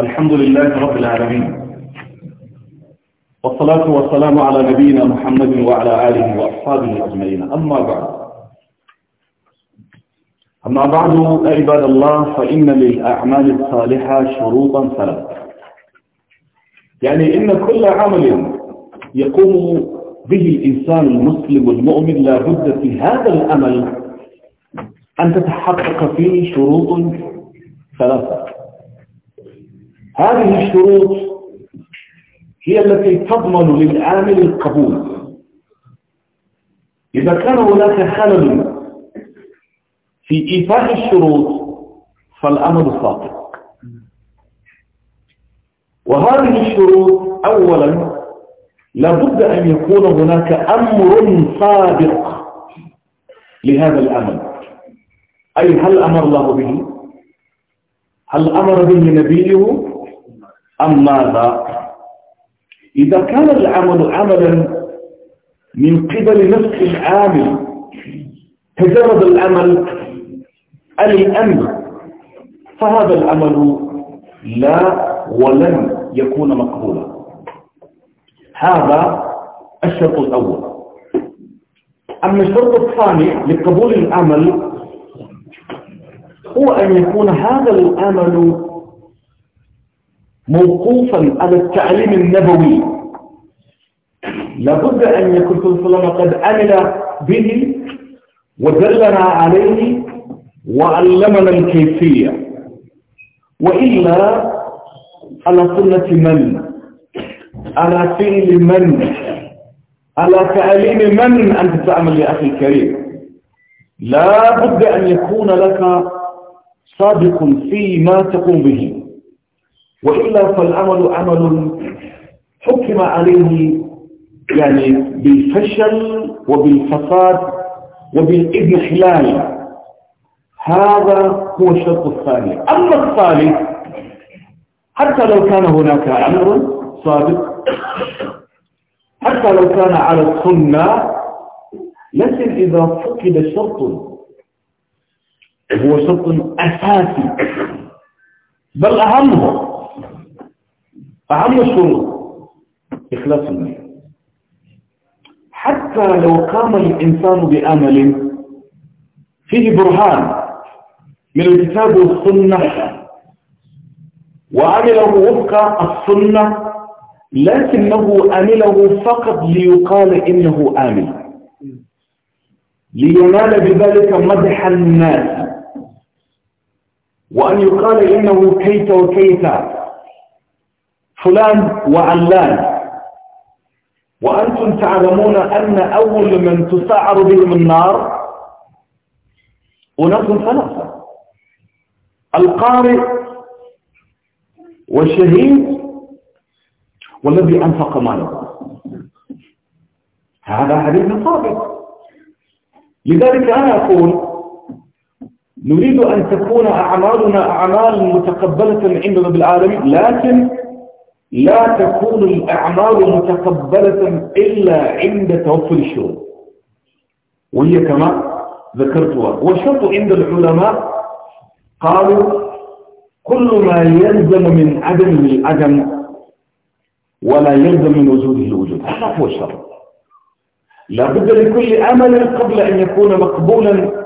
الحمد لله رب العالمين والصلاة والسلام على نبينا محمد وعلى آله وأصحابه أجمعين أما بعد أما بعد عباد الله فإن للأعمال الصالحة شروطا ثلاثة يعني إن كل عمل يقوم به الإنسان المسلم المؤمن لابد في هذا الأمل أن تتحقق فيه شروط ثلاثة هذه الشروط هي التي تضمن للعامل القبول إذا كان هناك خلل في إيفاء الشروط فالأمر ساقط وهذه الشروط أولا لابد أن يكون هناك أمر صادق لهذا الأمر أي هل أمر الله به هل أمر به نبيه أم ماذا إذا كان العمل عملا من قبل نفس العامل تجرد العمل الأمن فهذا العمل لا ولن يكون مقبولا هذا الشرط الأول أما الشرط الثاني لقبول العمل هو أن يكون هذا الأمل موقوفا على التعليم النبوي لابد أن يكون صلى الله عليه قد عمل به ودلنا عليه وعلمنا الكيفية وإلا على سنة من على فعل من على تعليم من أنت تعمل يا أخي الكريم لا بد أن يكون لك صادق فيما تقوم به وإلا فالعمل عمل حكم عليه يعني بالفشل وبالفساد وبالانحلال هذا هو الشرط الثاني أما الثالث حتى لو كان هناك أمر صادق حتى لو كان على السنة لكن إذا فقد شرط هو شرط أساسي بل أهمه أهم الشروط إخلاص النية حتى لو قام الإنسان بأمل فيه برهان من الكتاب والسنة وعمله وفق السنة لكنه عمله فقط ليقال إنه آمن لينال بذلك مدح الناس وأن يقال إنه كيت وكيت فلان وعلان وأنتم تعلمون أن أول من تسعر بهم النار أناس ثلاثة القارئ والشهيد والذي أنفق ماله هذا حديث ثابت لذلك أنا أقول نريد أن تكون أعمالنا أعمال متقبلة عند رب العالمين لكن لا تكون الأعمال متقبلة إلا عند توفر الشروط وهي كما ذكرتها والشرط عند العلماء قالوا كل ما يلزم من عدم العدم ولا يلزم من وجوده الوجود هذا هو الشرط لابد لكل عمل قبل أن يكون مقبولا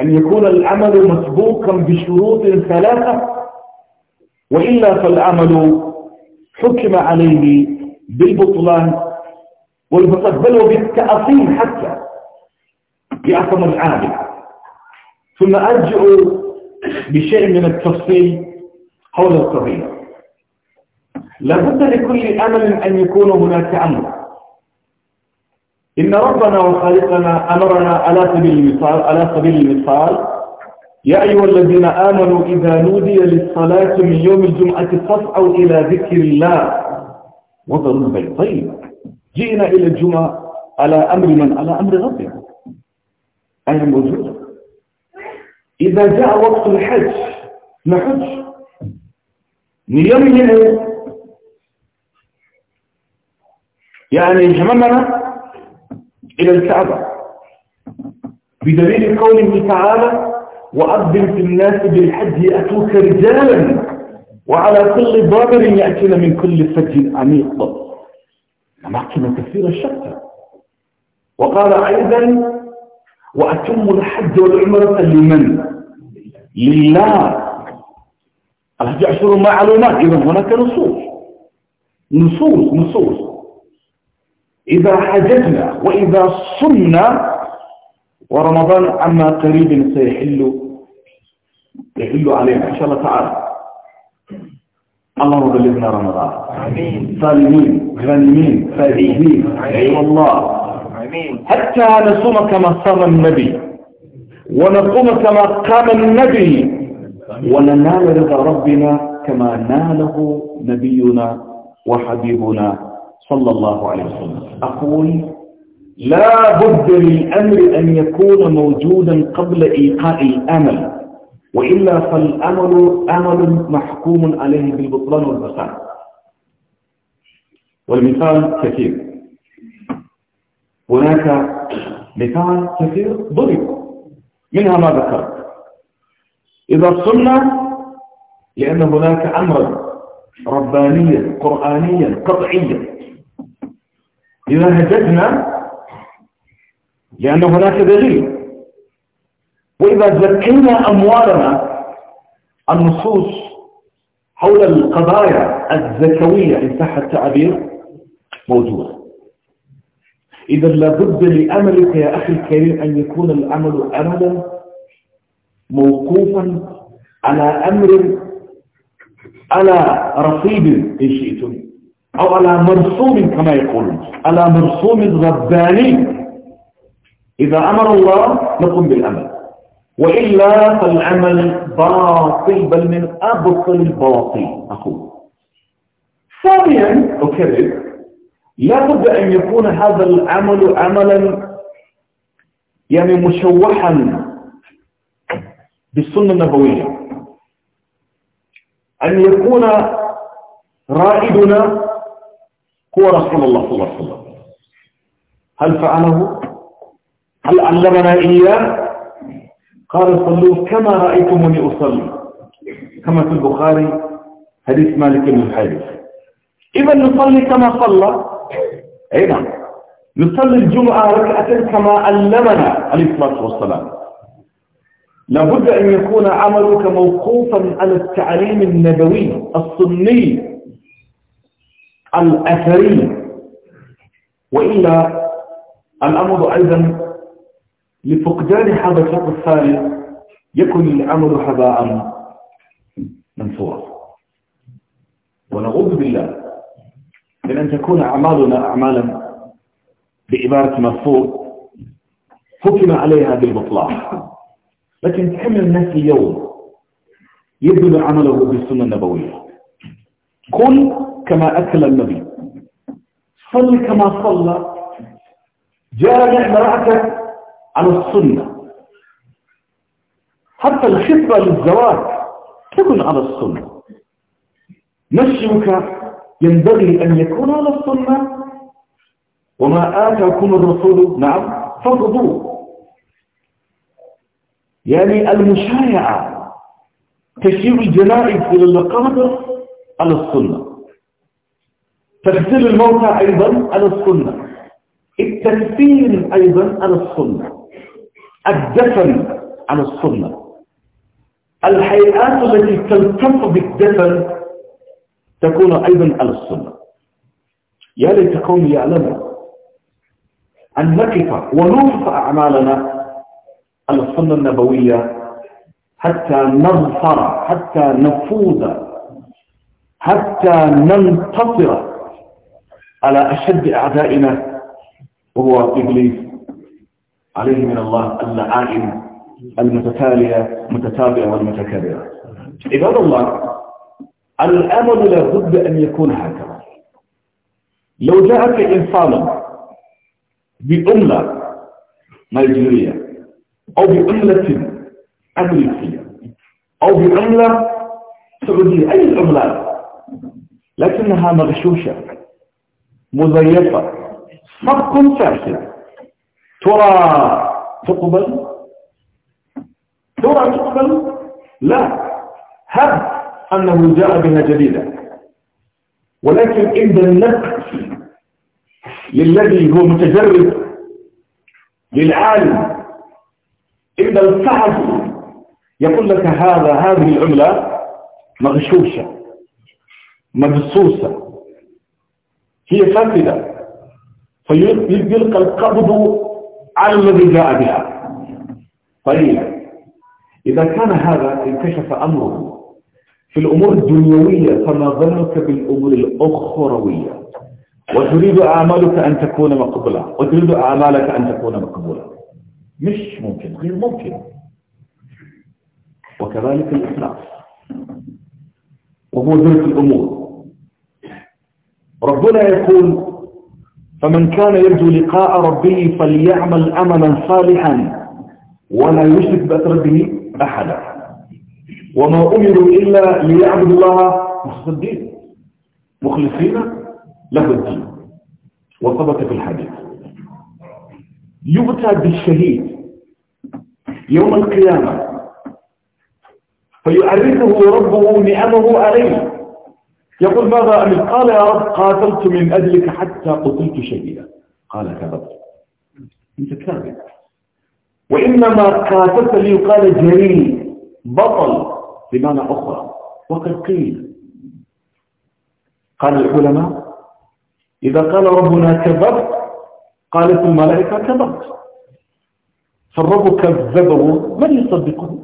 أن يكون العمل مسبوقا بشروط ثلاثة وإلا فالعمل حكم عليه بالبطلان والفساد بل وبالتأصيل حتى يعصم العابد ثم أرجع بشيء من التفصيل حول القضية لابد لكل أمل أن يكون هناك أمر إن ربنا وخالقنا أمرنا على سبيل المثال على سبيل المثال يا أيها الذين آمنوا إذا نودي للصلاة من يوم الجمعة فاسعوا إلى ذكر الله وضروا طيب جئنا إلى الجمعة على أمر من على أمر ربنا أي موجودة إذا جاء وقت الحج نحج نيمين يعني جمعنا إلى الكعبة بدليل قوله تعالى وأبدل في الناس بالحج يأتوك رجالا وعلى كل ضابر يأتون من كل فج عميق أماكن كثيرة الشتى وقال أيضا وأتم الحج والعمرة لمن؟ لله الحج عشر معلومات إذا هناك نصوص نصوص نصوص إذا حججنا وإذا صمنا ورمضان عما قريب سيحل يحل علينا إن شاء الله تعالى اللهم بلغنا رمضان صالمين غانمين فائزين أي أيوة والله حتى نصوم كما صام النبي ونقوم كما قام النبي وننال رضا ربنا كما ناله نبينا وحبيبنا صلى الله عليه وسلم أقول لا بد للأمر أن يكون موجودا قبل إيقاع الأمل وإلا فالأمل أمل محكوم عليه بالبطلان والبطلان والمثال كثير هناك مثال كثير ضرب منها ما ذكرت إذا صلنا لأن هناك أمرا ربانيا قرآنيا قطعيا إذا هددنا لأن هناك دليل وإذا زكينا أموالنا النصوص حول القضايا الزكوية إن صح التعبير موجودة إذا لابد لأملك يا أخي الكريم أن يكون العمل أملا موقوفا على أمر على رصيد إن شئتم أو على مرسوم كما يقولون على مرسوم رباني إذا أمر الله نقوم بالأمل وإلا فالعمل باطل بل من أبطل الباطل أقول ثانيا أكرر لابد أن يكون هذا العمل عملا يعني مشوحا بالسنة النبوية أن يكون رائدنا هو رسول الله صلى الله عليه وسلم هل فعله هل علمنا إياه قال صلوا كما رأيتمني أصلي كما في البخاري حديث مالك بن حارث إذا نصلي كما صلى أي نعم نصلي الجمعة ركعتين كما علمنا عليه الصلاة والسلام لابد أن يكون عملك موقوفا على التعليم النبوي الصني الأثري وإلا الأمر أيضا لفقدان هذا الشرط الثالث يكن الأمر حباء منثورا ونعوذ بالله من أن تكون أعمالنا أعمالا بعبارة مرفوض حكم عليها بالبطلان لكن كم الناس اليوم يبدو عمله بالسنة النبوية كل كما أكل النبي صل كما صلى جامع امرأتك على السنة حتى الخطبة للزواج تكون على السنة نشيك ينبغي أن يكون على السنة وما آتاكم الرسول نعم فاضضوه يعني المشايعة تشير الجنائز إلى القادر على السنة تفسير الموتى أيضا على السنة التكفير أيضا على السنة الدفن على السنة الحيئات التي تلتف بالدفن تكون أيضا على السنة يا ليت قومي يعلمون أن نقف ونوفق أعمالنا على السنة النبوية حتى نظفر حتى نفوز حتى ننتصر على أشد أعدائنا وهو إبليس عليه من الله اللعائن المتتالية متتابعة والمتكررة عباد الله الأمل لابد أن يكون هكذا لو جاءك إنسان بأملة نيجيرية أو بأملة أمريكية أو بعملة سعودية أي عملات لكنها مغشوشة مزيفة مفكم فاسد ترى تقبل ترى تقبل لا هب أنه جاء بها جديدة ولكن عند النقص للذي هو متجرد للعالم عند الفحص يقول لك هذا هذه العملة مغشوشة مبصوصة هي فاسدة فيلقى القبض على الذي جاء بها طيب إذا كان هذا انكشف أمره في الأمور الدنيوية فما ظنك بالأمور الأخروية وتريد أعمالك أن تكون مقبولة وتريد أعمالك أن تكون مقبولة مش ممكن غير ممكن وكذلك الإخلاص وهو ذلك الأمور ربنا يقول فمن كان يرجو لقاء ربه فليعمل أملا صالحا ولا يشرك بأتربه أحدا وما أمروا إلا ليعبدوا الله مخلصين مخلصين له الدين وصدق في الحديث يؤتى بالشهيد يوم القيامة فيعرفه ربه نعمه عليه يقول ماذا أمل قال يا رب قاتلت من أجلك حتى قتلت شهيدا قال كذبت أنت كاذب وإنما قاتلت لي قال جريء بطل بمعنى أخرى وقد قيل قال العلماء إذا قال ربنا كذبت قالت الملائكة كذبت فالرب كذبه من يصدقه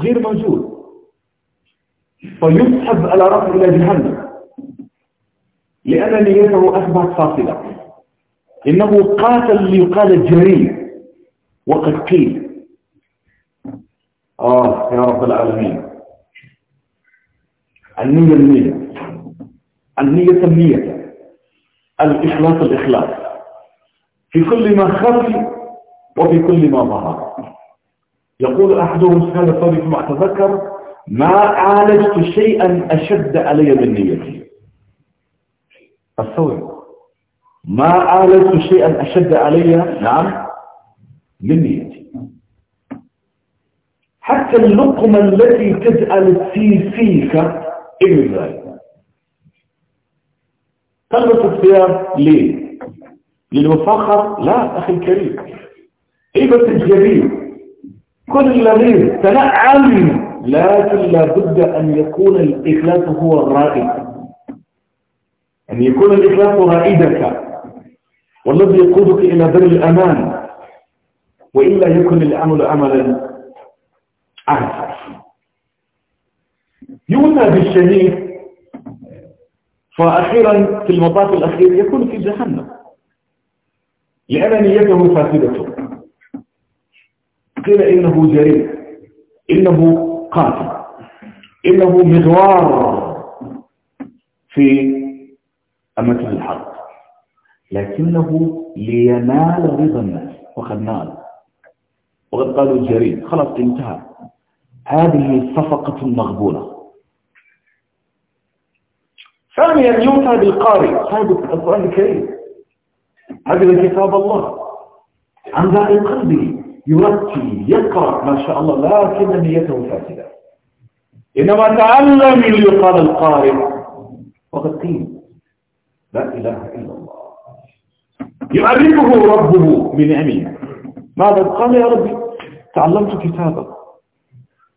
غير موجود فيسحب على رأسه إلى جهنم لأن نيته أصبحت فاصلة إنه قاتل ليقال الجريء وقد قيل آه يا رب العالمين النية النية النية النية الإخلاص الإخلاص في كل ما خفي وفي كل ما ظهر يقول أحدهم سهل صديق ما أتذكر ما عالجت شيئا أشد علي من نيتي استوعب ما عالجت شيئا أشد علي نعم من نيتي حتى اللقمة التي تجعل في فيك إيه ذلك الثياب ليه للمفخر لا أخي الكريم البس بس الجليل كل لذيذ تنعم لكن لابد أن يكون الإخلاص هو الرائد أن يكون الإخلاص رائدك والذي يقودك إلى بر الأمان وإلا يكن العمل عملا عهدا يؤتى بالشهيد فأخيرا في المطاف الأخير يكون في جهنم لأن نيته فاسدة قيل إنه جريء إنه قاتل إنه مغوار في أماكن الحرب لكنه لينال رضا الناس وقد نال وقد قالوا الجريم خلاص انتهى هذه صفقة مغبونة ثانيا يؤتى بالقارئ صاحب القرآن الكريم هذا كتاب الله عن ذلك قلبه يرتي يقرأ ما شاء الله لكن نيته فاسدة إنما تعلم ليقال القارئ وقد قيل لا إله إلا الله يعرفه ربه من أمين ماذا قال يا ربي تعلمت كتابك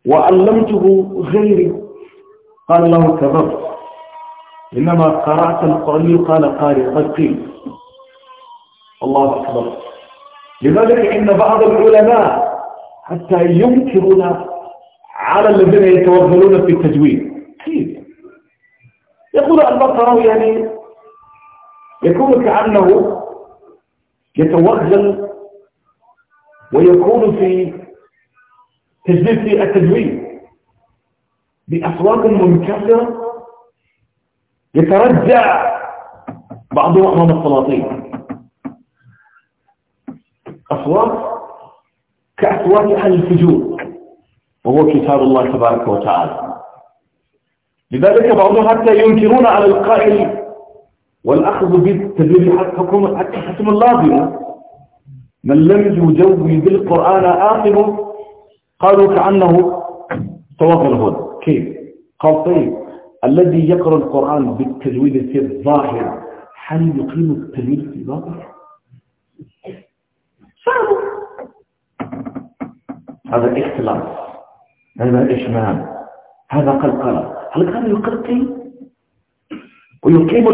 وعلمته غيري قال له كبرت إنما قرأت القرآن قال قارئ قد قيل الله أكبر لذلك إن بعض العلماء حتى ينكرون على الذين يتوغلون في التجويد كيف يقول البقرة يعني يكون كأنه يتوغل ويكون في في التجويد بأصوات منكسرة يترجع بعض أمام السلاطين الأصوات كأصوات أهل الفجور وهو كتاب الله تبارك وتعالى لذلك بعضهم حتى ينكرون على القائل والأخذ بالتدريب حكم حكم اللازم من لم يجوز بالقرآن آخره قالوا كأنه طواف الهدى كيف؟ قال طيب الذي يقرأ القرآن بالتجويد في الظاهر هل يقيم التجويد في الظاهر؟ هذا اختلاط هذا إشمام هذا قلقلة هل كان يقلقي ويقيم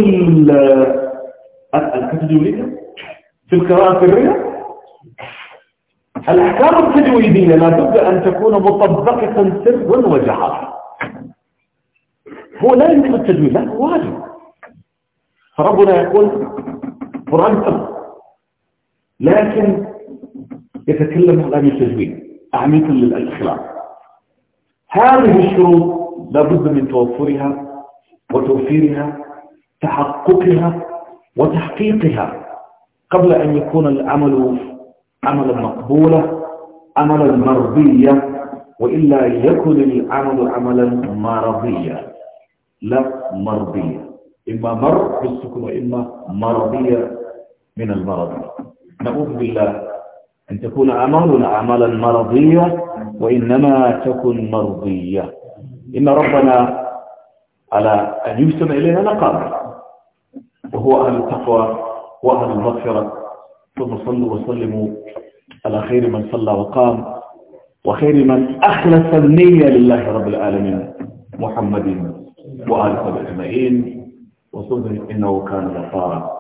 الكتجولية في القراءة السرية الأحكام التجويدية لا بد أن تكون مطبقة سرا وجهرا هو لا يمكن التجويد لا واجب فربنا يقول قرآن لكن يتكلم عن التجويد أهمية للإخلاص هذه الشروط لابد من توفرها وتوفيرها تحققها وتحقيقها قبل أن يكون العمل عملا مقبولا عملا مرضيا وإلا يكون العمل عملا مرضيا لا مرضيا إما مر بالسكن وإما مرضية من المرض نعوذ بالله أن تكون أعمالنا أعمالا مرضية وإنما تكن مرضية إن ربنا على أن يجتمع إلينا نقام وهو أهل التقوى وأهل المغفرة ثم صلوا وسلموا على خير من صلى وقام وخير من أخلص النية لله رب العالمين محمد وآل صلى وسلم وصدر إنه كان غفارا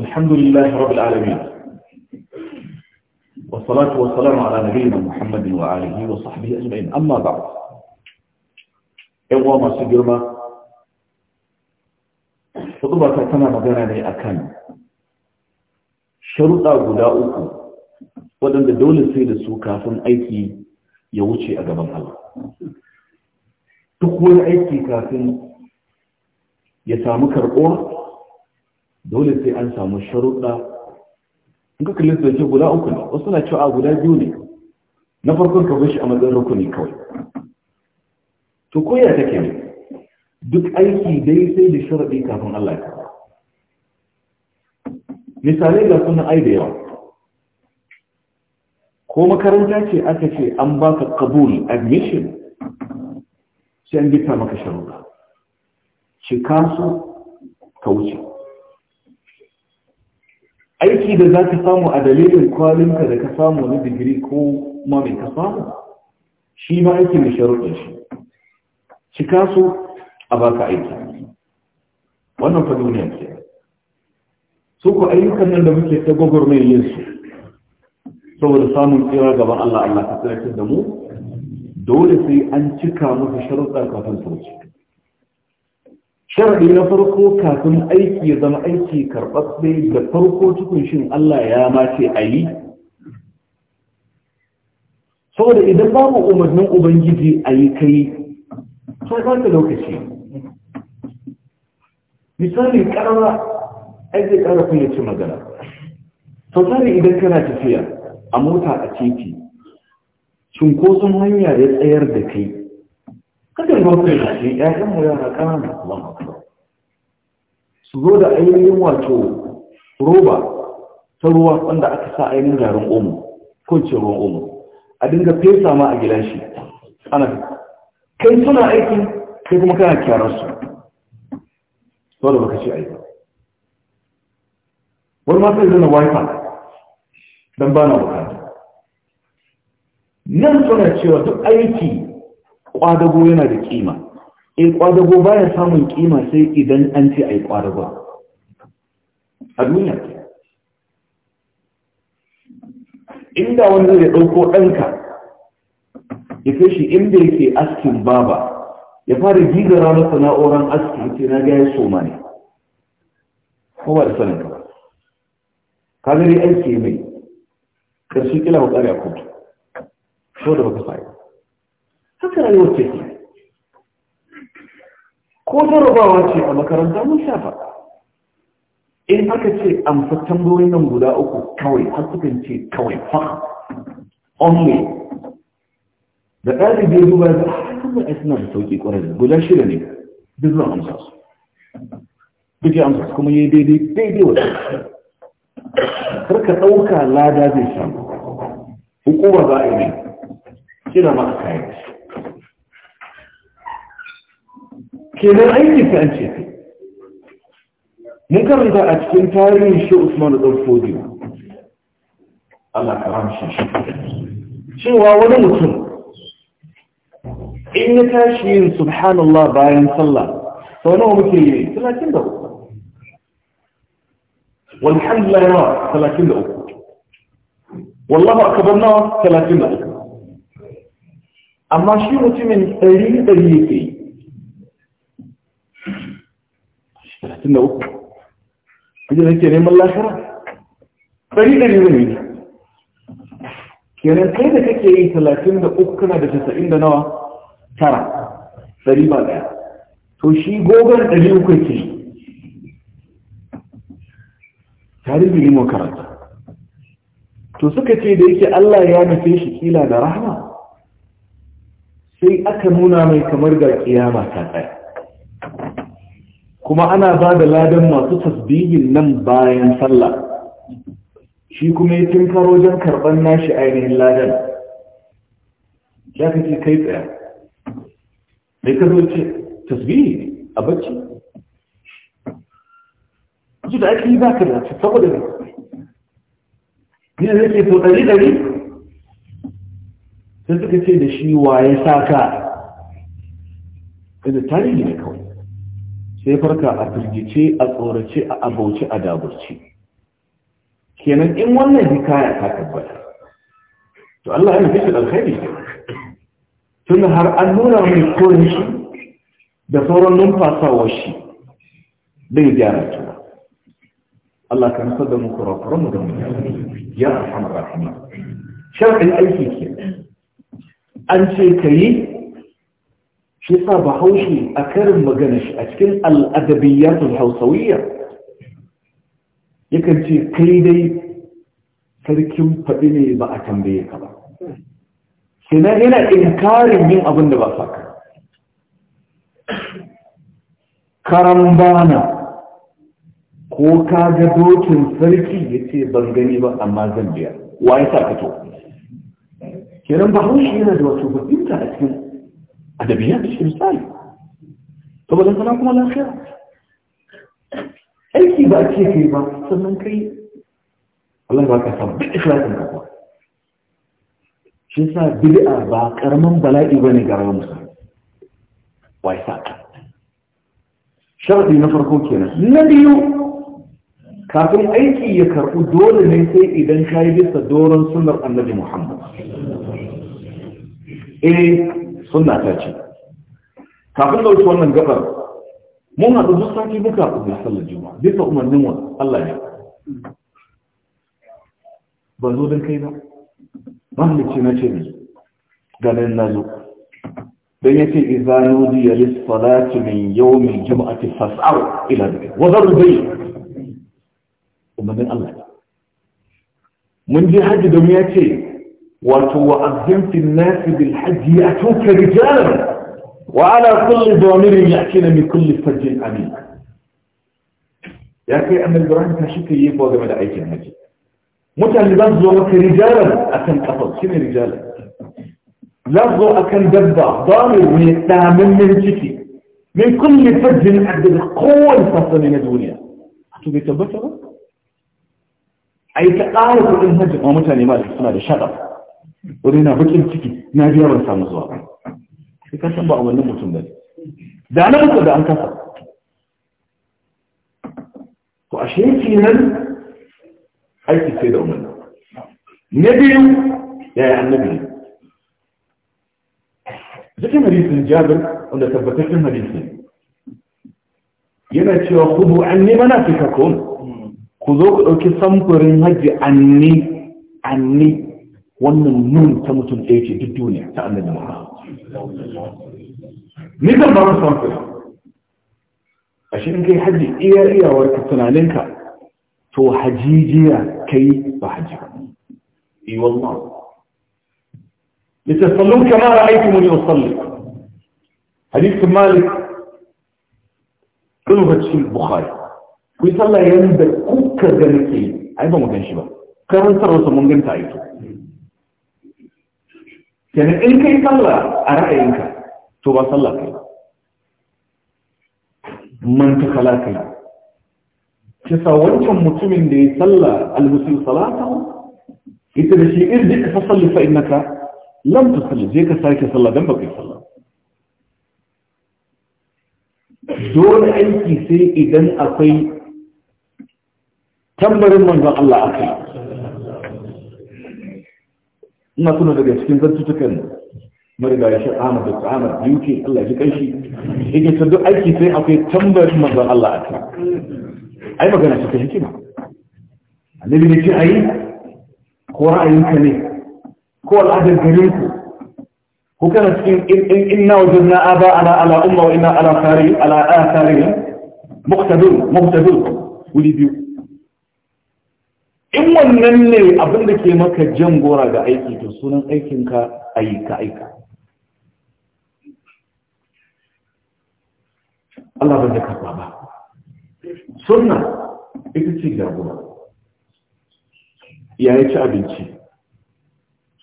الحمد لله رب العالمين والصلاة والسلام على نبينا محمد وآله وصحبه أجمعين أما بعد إغوى ما سجرما فضبك كما مدينة لي أكان شرطة غداؤكم ودن دول sai السوكا فن kafin يوشي أجاب الله تقول gaban Allah. يسامك wani dole sai an samu sharuɗa in ka kalli da guda uku ne wasu na cewa guda biyu ne na farkon ka bashi a matsayin rukuni kawai to koya take ne duk aiki dai sai da sharaɗi kafin Allah ya kawo misalai ga sunan ai da yawa ko makaranta ce aka ce an baka kabul admission sai an gita maka sharuɗa shi kasu ka wuce aiki da za ka samu a dalilin kwalinka da ka samu na digiri ko ma mai ka samu shi ma aiki mai sharuɗin shi cika su a baka aiki wannan fa duniya ce su ku ayyukan nan da muke ta mai yin su saboda samun tsira gaban Allah Allah ka tsirakin da mu dole sai an cika musu sharuɗa kafin su wuce sharaɗi na farko kafin aiki ya zama aiki karɓaɓɓe da farko cikin shin Allah ya ma ce a yi saboda idan babu umarnin ubangiji a yi kai sai ba ta lokaci misali ƙarara aiki ƙara kun yace magana sau idan kana tafiya a mota a titi cunkoson hanya ya tsayar da kai kadan gwamnati da shi ya mu yara ƙananan Allah su zo da ainihin wato roba ta ruwa wanda aka sa ainihin garin omo ko ce ruwan omo a dinga fesa ma a shi, ana kai suna aiki kai kuma kana kyaran su sau da baka ce aiki wani ma sai zana wifi don ba na bukata nan suna cewa duk aiki kwadago yana da kima in ƙwadago ba ya samun ƙima sai idan an ce a yi ƙwadago a duniya inda wani zai ɗauko ɗanka ya kai shi inda yake askin baba ya fara gizara masa sana'oran aski ce na gaya ma ne kowa da sanin ka ba ka gani aiki mai ƙarshen kila ba kare a kotu so da baka fa'i haka rayuwar ce ko jarabawa ce a makaranta mun sha faɗa in aka ce amsa tambayoyin nan guda uku kawai har sukan ce kawai fa only da ɗalibi ya duba da kuma a suna da sauƙi ƙwarar guda shida ne duk zan amsa su duk ya amsa su kuma ya yi daidai daidai wata kar ka ɗauka lada zai samu hukuma za a yi ne shi da ma a kayan shi kenan aiki yi an ce mun karanta a cikin tarihin shi usman da fodiyo Allah ka karam shi cewa wani mutum in ya tashi yin subhanallah bayan sallah sau nawa muke yi 33 walhamdulillah nawa 33 wallahu akabar nawa 33 amma shi mutumin 100 yake yi talatin da uku kuje da ke neman lafira ɗari ɗari zai yi kenan kai da kake yi talatin da uku kana da tasa'in da nawa tara ɗari ba ɗaya to shi gogon ɗari uku ke tarihi ne mu karanta to suka ce da yake Allah ya nufe shi kila da rahama sai aka nuna mai kamar ga kiyama ta tsaya kuma ana ba da ladan masu tasbihin nan bayan sallah shi kuma ya tinkaro wajen karɓar nashi ainihin ladan ya kace kai tsaya mai ka zo ce tasbihi a bacci su da ake yi ba ka da saboda ne ne da ke so ɗari ɗari sai suka ce da shi waye sa ka da tarihi ne kawai sai farka a firgice a tsorace a abauci a daburci kenan in wannan hikaya ta tabbata to Allah ya fi alkhairi tun har an nuna mai koyon shi da sauran numfasawa shi bai gyara tuna Allah kan sadda mu kurakuran mu da mu ya arhamar rahama shar'in aiki ke an ce ka yi shi yasa bahaushe a karin magana shi a cikin al'adabiyatul hausawiyya yakan ce kai dai sarkin faɗi ne ba a tambaye ka ba sinan yana inkarin yin abin da ba sa ka karambana ko ka ga dokin sarki ya ce ban gani ba amma zan biya wa ya sa ka to kenan bahaushe yana da wasu fahimta a cikin أدبيات الإنسان طب لا تناقم الآخرة أي كيبا أي كيبا سمن كي الله يبارك فيك بإخلاص الأقوى شو سار بدأ باك رمم بلا إبن جرام مسلم ويساك شرط ينفر كوكينا نبي كافر أي كي يكر دور ليس إذا كان يبص دورا سنر النبي محمد إيه suna ta ce kafin ɗauki wannan gabar mun haɗu duk sati muka haɗu da sallar juma'a bisa umarnin wa Allah ya ban zo don kai ba mahalicci na ce ne ganin na zo don ya ce izanu diya lissalati min yau min juma'ati fas'ar ila da wazar bai umarnin Allah mun je hajji don ya ce وتوأذن في الناس بالحج يأتوك رجالا وعلى كل ضامر يأتينا من كل فج أمين أخي أن الجرام تشك يبوى جمال أي جهاج متى لبنز وك رجالا أكن أفض كم رجالا لفظ أكن دبا ضامر ويتامن من جتي من كل فج عبد القوة فصل من الدنيا أتو بيتبتغل أي تقارب الهجم ومتى لما لك سنة شغف wani na bakin ciki na biya ban samu zuwa sai ka san ba a wannan mutum ba da na mutu da an kasa to ashe nan aiki sai da umarni na biyu ya yaya annabi cikin hadisin jabir wanda tabbatattun hadisin yana cewa kudu an ne mana fikakon ku zo ku ɗauki samfurin hajji an ne an ne wannan nun ta mutum ɗaya ce duk duniya ta annabi Muhammad ni kan ba san ku ashe in kai haji iya iyawar ka tunaninka to hajijiya kai ba haji ba eh wallahi yace sallu kama ra'aytumuni usalli hadith malik kun ga cikin bukhari ku sallah yanda kuka ga nake ai ba mu gan shi ba karantar wasu mun ganta ai to kenan in kai sallah a ra'ayinka to ba sallah kai man kala kai kisa wancan mutumin da ya sallah almusul salata ita da shi irji ka salli fa innaka lam tusalli zai ka sake sallah dan baka sallah dole aiki sai idan akwai tambarin manzon Allah akai ina tuna daga cikin zantutukan mariga ya shaƙa Ahmad da Ahmad Allah ya ji kanshi yake ta duk aiki sai akwai tambarin manzon Allah a kan ai magana ta hikima annabi ne ce ayi ko ra'ayinka ne ko al'adar garin ku ko kana cikin inna wajadna aba ala ala umma wa inna ala kharij ala akharihim muqtadun muqtadun wuli biyu in wannan ne abin da ke maka jan gora ga aiki to sunan aikinka ayyuka aika Allah ban da karba ba sunna ita ce jagora ya yi ci abinci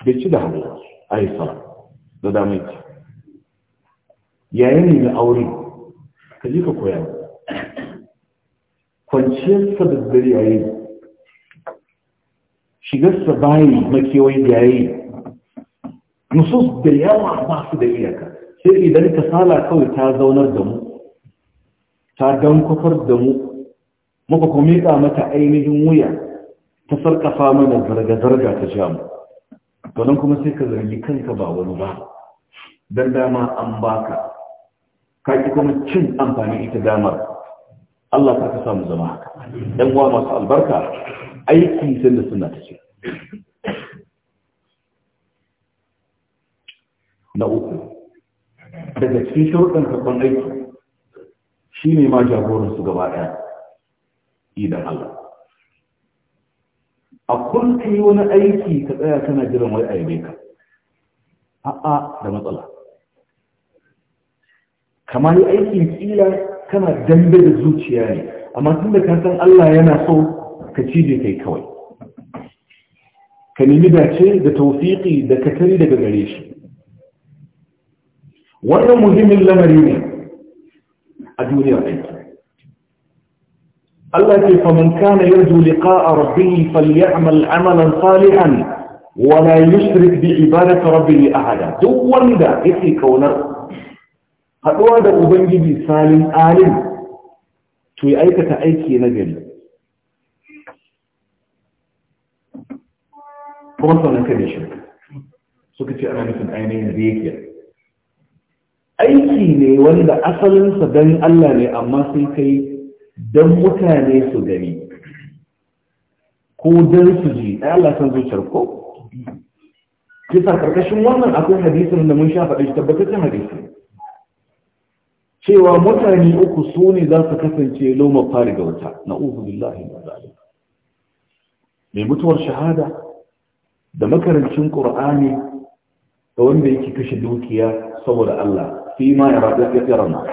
bai ci da hannu a yi sara da damai ci yayin nemi aure ka ji ka koya kwanciyar sa da dare yayin shigarsa bayi makewayi yayi nusus da yawa ba su da iyaka sai idan sala kawai ta zaunar da mu ta don kofar da mu muka kuma mata ainihin wuya ta sarƙafa mana zarga-zarga ta jamu domin kuma sai ka zargi kanka ba wani ba don dama an baka ka kuma cin amfani ita damar Allah ta kasa samu zama haka ɗan uwa masu albarka aiki sun da suna ta ce na uku daga cikin shirɗin karɓar aiki shi ne ma jagoransu gaba ɗaya idan Allah a kurka yi wani aiki ka tsaya tana jiran wai a yi ka a'a da matsala kamar yi aikin kila kana dambe da zuciya ne amma tun da ka san Allah yana so ka cije kai kawai ka nemi dace da tawfiqi da katari daga gare shi wannan muhimmin lamari ne a duniyar aiki Allah ke faman kana yarju liqa'a rabbih falyamal amalan salihan wa la yushrik bi ibadati rabbih ahada duk wanda yake kaunar haɗuwa da ubangiji salin alim to ya aikata aiki na gari kuma sauran kada shirka suka ce ana nufin ainihin rikiya aiki ne wanda asalinsa don Allah ne amma sai kai don mutane su gani ko don su ji ɗaya Allah san zuciyar ko kisa karkashin wannan akwai hadisin da mun sha faɗi tabbataccen hadisi cewa mutane uku su ne za su kasance loma fari ga wata na uku billahi na mai mutuwar shahada da makarancin ƙur'ani da wanda yake kashe dukiya saboda Allah fi ma ya rabu ya tsirana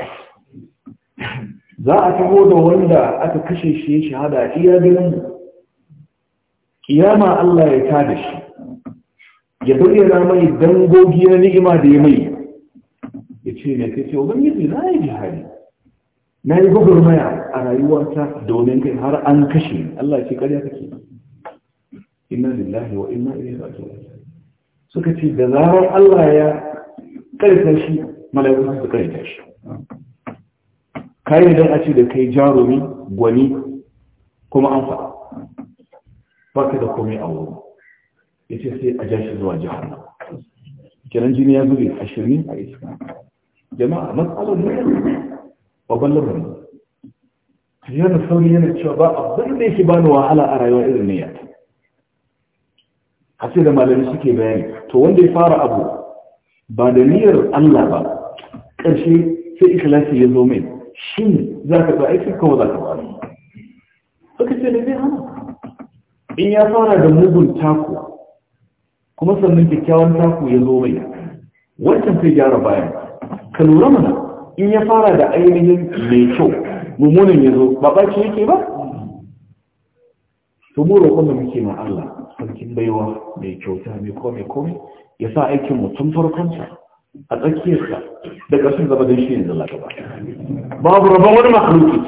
za a taho da wanda aka kashe shi ya shahada iya ganin kiyama Allah ya ta da shi ya bayyana mai dangogi na ni'ima da ya mai Yace ce ne kai ne na yi jihari na yi gwagwarmaya a rayuwarta domin kai har an kashe Allah ce karya kake inna lillahi wa inna ilaihi raji'un suka ce da zarar Allah ya karfe shi malaikun su ta shi kai da a ce da kai jarumi gwani kuma an faɗa ka da komai a wurin yace sai a ja shi zuwa jahannama kenan jini ya zube ashirin a iska jama'a matsalar ne babban lamarin yana sauri yana cewa ba abin da yake bani wahala a rayuwa irin ne A sai da malami suke bayani to wanda ya fara abu ba da niyyar Allah ba ƙarshe sai ikhlasi ya zo mai shin za ka ba aikin za ka wani suka ce ne zai hana in ya fara da mugun taku kuma sannan kyakkyawan taku ya zo mai wancan sai gyara bayan ka lura mana in ya fara da ainihin mai kyau mummunan ya zo ba ɓace yake ba to mu roƙon da muke ma Allah sarkin baiwa mai kyauta mai kome kome ya sa aikin mutum farkonsa a tsakiyarsa da ƙarshen zama don shi ne zala gaba babu rabon wani makaruki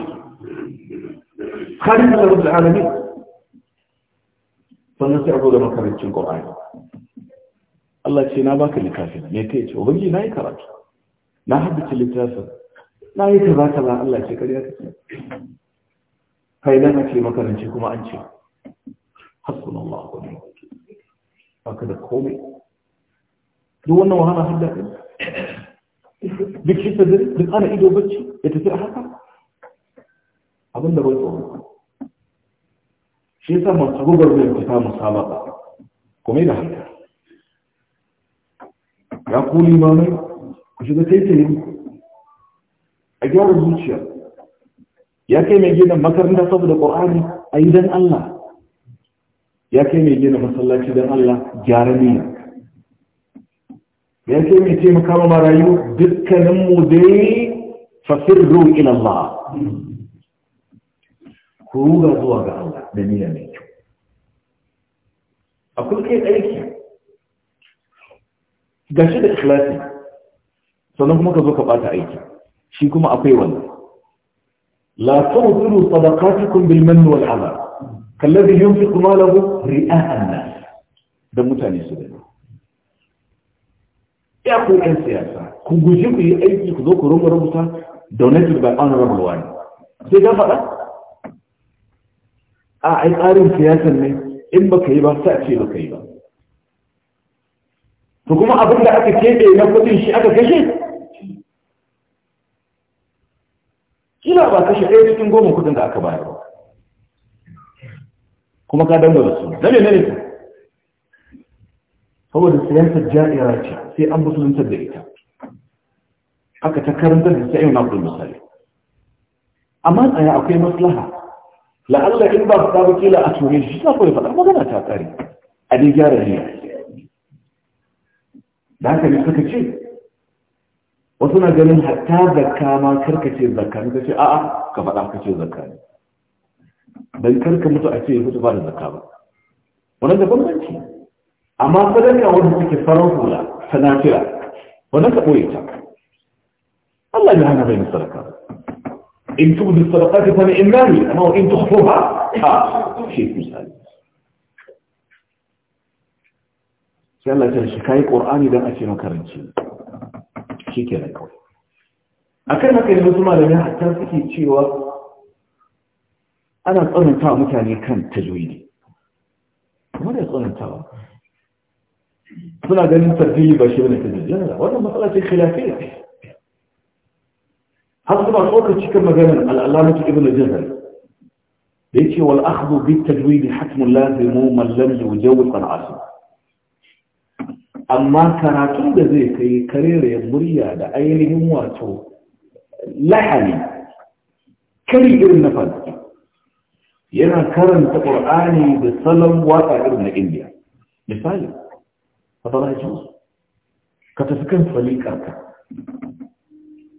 khalid da rabbul alamin sannan sai a zo da makarancin qur'ani Allah ce na baka littafin ne kai ce ubangi na yi karatu na haddace littafin na yi kaza kaza Allah ce kariya ta ce kai dan ake makaranci kuma an ce hasbunallahu wa ni'mal wakil haka da komai duk wannan wahala hadda ɗin duk shi ta duk ana ido bacci ya tafi a haka abin da bai tsoro shi yasa masu gubar zai fita musabaka kuma da haka ya kuli mamai ku shiga taitayin ku a gyara zuciya ya kai mai gina makaranta saboda ƙorani a yi don Allah ya kai mai gina masallaci don Allah gyara niyya ya kai mai taimaka ma marayu dukkaninmu dai fasirru ila Allah ku ruga zuwa ga Allah da niyya mai kyau a kulkai aiki gashi da ikhlasi sannan kuma ka zo ka bata aiki shi kuma akwai wannan la tawtiru sadaqatukum bil manni wal ala kallazi yunfiqu malahu ri'a nas da mutane su da ya ku yan siyasa ku guji ku yi aiki ku zo ku rungu rubuta donated by honorable one sai ka faɗa a ai tsarin siyasan ne in baka yi ba sai a ce baka yi ba to kuma abin da aka keɓe na kudin shi aka kashe kila ba kashe ɗaya cikin goma kudin da aka bayar kuma ka dangara su na ne ne su saboda siyasar ja'ira ce sai an musuluntar da ita aka ta karantar da sa'in na kudin misali amma tsaya akwai maslaha la'alla in ba su ta wakila a turai shi ta kawai faɗa magana ta kare a dai gyara ne da haka ne suka ce wasu na ganin hatta zakka ma karkace zakka ne ta ce a'a ka faɗa ka ce zakka ne don karka mutu a ce ya fito ba da zakka ba wannan da bambanci amma sadaka wanda suke farar hula sanatira wannan ka ɓoye ta Allah ya hana bai na sadaka إن تبدو الصدقات فنئماني أما وإن تخفوها ها شيء مثال sai Allah ya shi kai Qur'ani dan a ce makaranci shikenan kawai akan haka yanzu malamai hatta suke cewa ana tsanantawa mutane kan tajwidi kuma da tsanantawa suna ganin tarbiyyar ba shi wani tajwidi yana da wannan matsala ce khilafiya har kuma tsokar cikin maganar al'alamatu ibn jazar da ya ce wal akhdhu bit tajwidi hatmun lazimu man lam yujawwiz al-asr amma karatun da zai kai karere murya da ainihin wato lahani kari irin na fasiki yana karanta ƙur'ani da salon waƙa irin na indiya misali a farajin ka tafi kan falika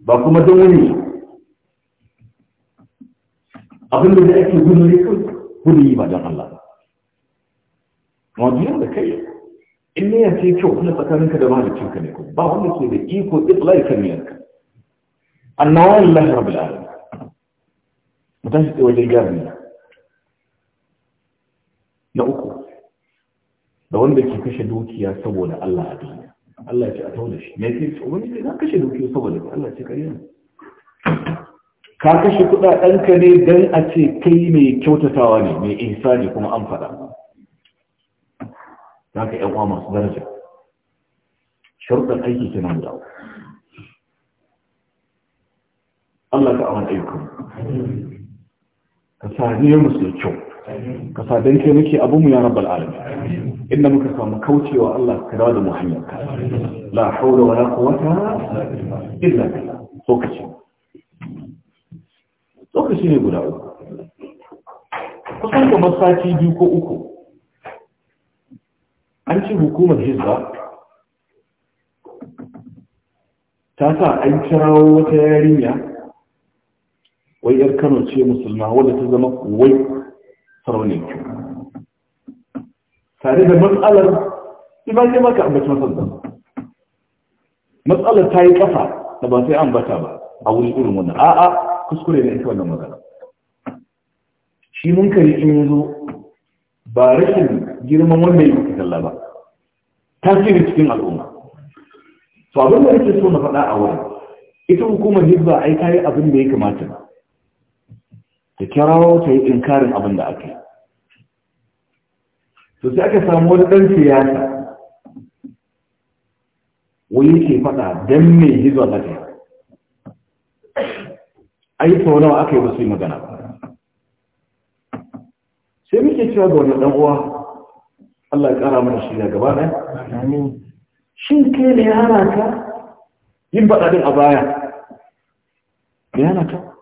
ba kuma don wani abinda da ake gudunar ya kai gudun yi ba don Allah ba. wajen da kai in ya ce kyau kuma tsakaninka da mahaliccinka ne kuma ba wanda ke da iko itlai kan yanka. annawa lillahi rabbil alamin mutan shi wajen gyara ne, na uku da wanda ke kashe dukiya saboda Allah a duniya Allah ce a tauna shi me yake ce wani na kashe dukiya saboda Allah ce ka kariya ka kashe kudaden ka ne don a ce kai mai kyautatawa ne mai ne kuma an faɗa za ka yan uwa masu daraja sharuɗan aiki kina da Allah ka awon ayyukan ka sa niyyar mu sai kyau ka sa dan kai muke abu mu ya rabbal alamin inda muka samu kaucewa Allah ka dawo da mu hanyar ka la hawla wala quwwata illa billah lokaci lokaci ne guda uku kusan kamar sati biyu ko uku an ce hukumar hizba ta sa an kirawo wata yarinya wai yar kano ce musulma wadda ta zama wai sarauniya tare da matsalar imani maka ambaci masallar matsalar ta yi kafa da ba sai ambata ba a wuri irin wannan a'a kuskure ne ita wannan magana shi mun kari in yanzu ba rashin girman wanda ya yi kalla ba tasiri cikin al'umma to abin da yake so na faɗa a wurin ita hukumar hizba ai ta yi abin da ya kamata ba ta kyarawa ta yi inkarin abin da aka yi to sai aka samu wani ɗan siyasa wai yake faɗa don me hizba ta yi ai sau nawa aka yi yi magana ba sai muke cewa ga wani ɗan uwa Allah ya ƙara mana shirya gaba ɗaya shin kai ne yana ka yin baɗaɗin a baya ne yana ka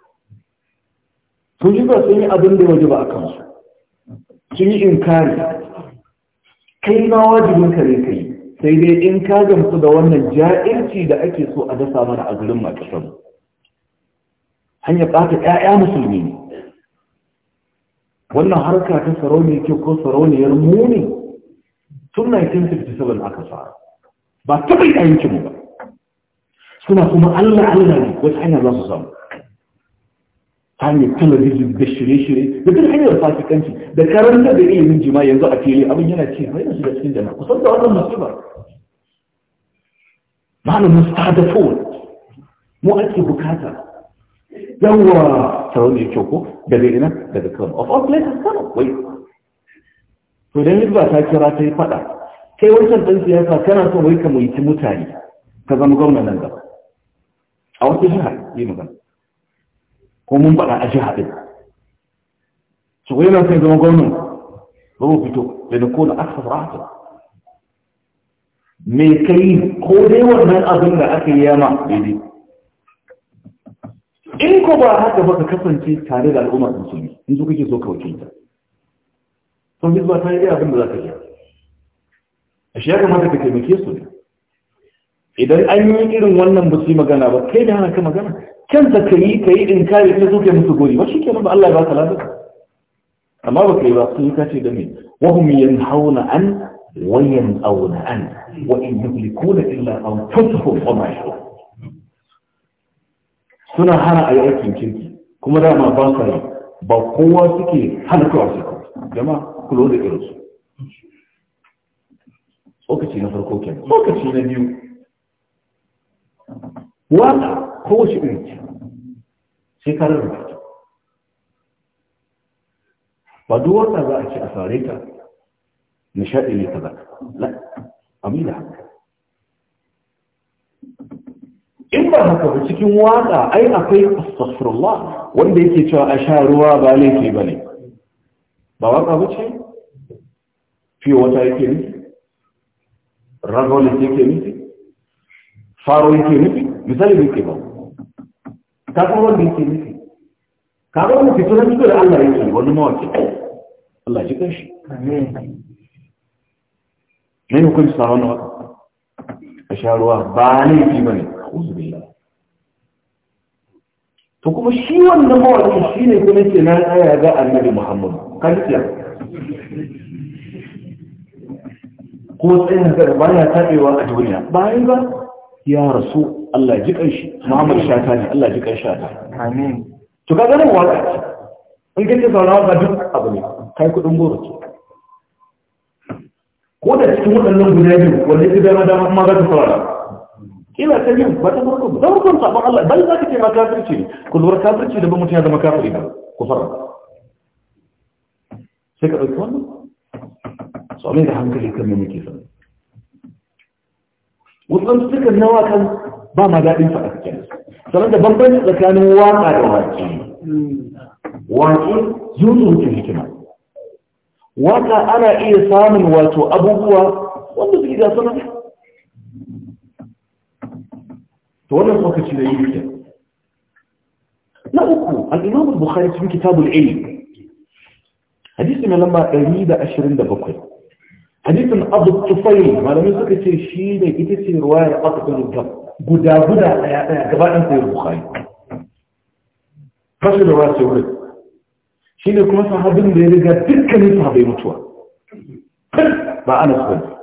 sun yi ba sun yi abin da waje ba a kansu sun yi in kari. kai ma wajibin kare kai sai dai in ka gamsu da wannan ja'irci da ake so a dasa mana a garin makasar hanyar ɓata 'ya'ya musulmi ne wannan harka ta sarauniyar kyau ko sarauniyar muni tun 1957 aka fara ba taɓa yi yankinmu ba suna kuma allah allah ne wata hanya za su samu ta hanyar talabijin da shirye-shirye da duk hanyar fasikanci da karanta da ilimin jima yanzu a fili abin yana ce mai da shiga cikin jama'a kusan da wannan musibar malamin sadafon mu ake bukata yawa tsaron da kyau ko daga ina daga kano of all places kano wai to dan hizba ta kira ta yi faɗa kai wancan ɗan siyasa kana son wai ka yi mutane ka zama gwamnan nan gaba a wata jiha yi magana ko mun faɗa a jiha ɗin su wai na sai zama gwamnan ba mu fito da na kona aka fara me kai ko dai wannan abin da aka yi yama daidai in ko ba haka ba ka kasance tare da al'ummar musulmi in zo kake so ka wakilta sun fi zuwa ta yi abin da za ka yi a shi ya kamata ka taimake su ne idan an yi irin wannan ba su yi magana ba kai da hana ka magana kanta ka yi ka yi in kare ta zo kai musu gori ba shi kenan ba Allah ya baka lafiya amma ba kai ba sun kace da me wahum yanhauna an wa yan'auna an wa in yumlikuna illa anfusahum wa ma yashurun suna hana a yi aikin kirki kuma dama ba sa yi ba kowa suke hana kawai su jama'a kulo da irinsu tsokaci na farko ke tsokaci na biyu ko kowace irin ce sai ka rarraba ba duk wata za a ce a sare ta nishaɗi ne ta za amina in ba haka ba cikin waka ai akwai astaghfirullah wanda yake cewa a sha ruwa ba laifi ba ne ba waka ba ce fiye wata yake nufi ragolis yake faro yi nufi misali da yake ba ta kuma wanda yake nufi ka ga wani fito na fito da Allah yake wani mawaki Allah ji kanshi ne hukunci sa wani waka a sha ruwa ba laifi ba ne uzu billah to kuma shi wannan mawaki shi ne kuma ke na tsaya ga annabi muhammadu kan tiya ko tsayin da baya taɓewa a duniya bayan ba ya rasu Allah ji kanshi Muhammad Shata ne Allah ji kanshi Shata amin to ka nan waka in kace saurawa ga duk abu ne kai kudin goro ce ko da cikin wannan guda biyu wanda ya dama dama amma za ta saurara kila ta biyu ba ta farko ba ta sabon Allah bal za ka ce ma kafirci ne ku lura kafirci da ba mutum ya zama kafiri ba ku fara. sai ka ɗauki wannan so mai da hankali kan da muke sani wasan sukan na wakan ba ma daɗin faɗa cikin sannan da bambanci tsakanin waka da waƙi waƙi zuzu wuce hikima waka ana iya samun wato abubuwa wanda suke ga sanar to wannan lokaci da yi kenan نأكو الإمام البخاري في كتاب العلم حديث من لما أريد أشرين دبقين hadisin abu tufai malamai suka ce shi ne ita ce ruwa ya ɓata ɗin rujjan guda guda ɗaya ɗaya gaba ɗan sayar bukari fashe da ruwa ce wurin shi ne kuma sahabin da ya riga dukkanin sahabai mutuwa ba anas ba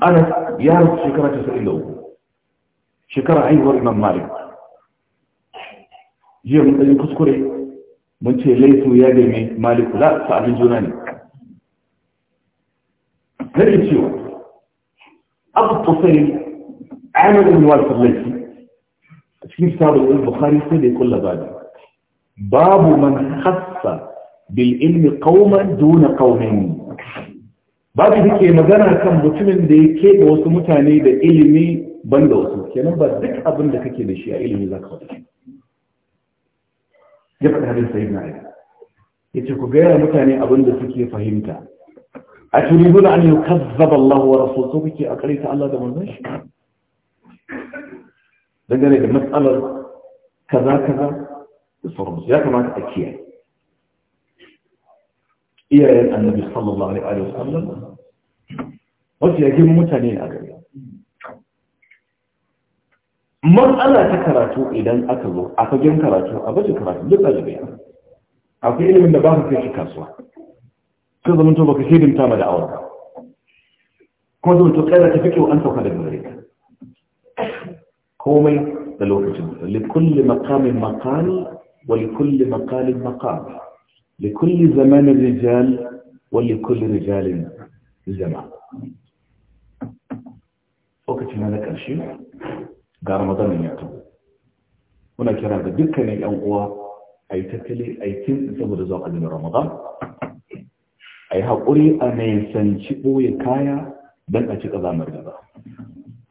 anas ya rasu shekara ta sa'ila uku shekara haihuwar imam malik jiya mun ɗanyi kuskure mun ce laifu ya gami malik la sa'alin juna ne nake cewa abu kusuri ayyana ibn walfar laifi a cikin kitabul ilm bukhari sai da ya kullu babu babu man khassa bil ilmi qauman duna qaumin babu dake magana kan mutumin da ya keɓe wasu mutane da ilimi banda wasu kenan ba duk abin da kake da shi a ilimi zaka faɗa ya faɗa hadin sayyidina ali yace ku ga mutane abin da suke fahimta a guda an kazzaba Allah wa rasul so kuke a karita Allah da manzon shi dangane da matsalar kaza kaza da sauransu ya kamata a kiyaye iyayen annabi sallallahu alaihi wa sallam wasu yakin mutane a gari matsala ta karatu idan aka zo a fagen karatu a baje karatu duk da jami'a akwai ilimin da ba ka kai shi kasuwa تظن انتم بكثير انتم دعوة كنت انتم قيلة فكي وانتم خالد مريكا قومي دلوك جنفة لكل مقام مقال ولكل مقال مقام لكل زمان الرجال ولكل رجال الزمان وقت ما لك الشيء دا رمضان يعتبر هناك كلام بدك أو هو أي تكلي أي تم ثم من رمضان a yi haƙuri a mai sanci ɓoye kaya don a ci ƙazamar gaba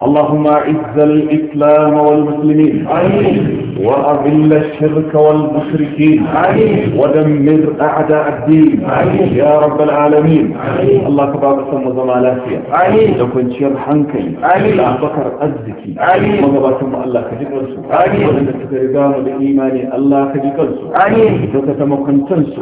اللهم اعز الإسلام والمسلمين امين وأذل الشرك والمشركين امين ودمر أعداء الدين امين يا رب العالمين امين الله تبارك وتعالى كباب سمو زمالاتيا لكن امين لا بكر أزكي امين سمو الله كجب رسو وأن تتردام الايمان الله خديك امين رسو وكتمكن تنسو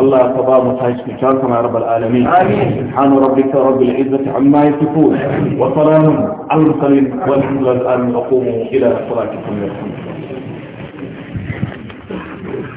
الله تبارك وتعالى كجاركم يا رب العالمين امين سبحان ربك رب العزة عما يتفوش وصلاهم على القليل والحمد لله الآن أقوم إلى صلاتكم يرحمكم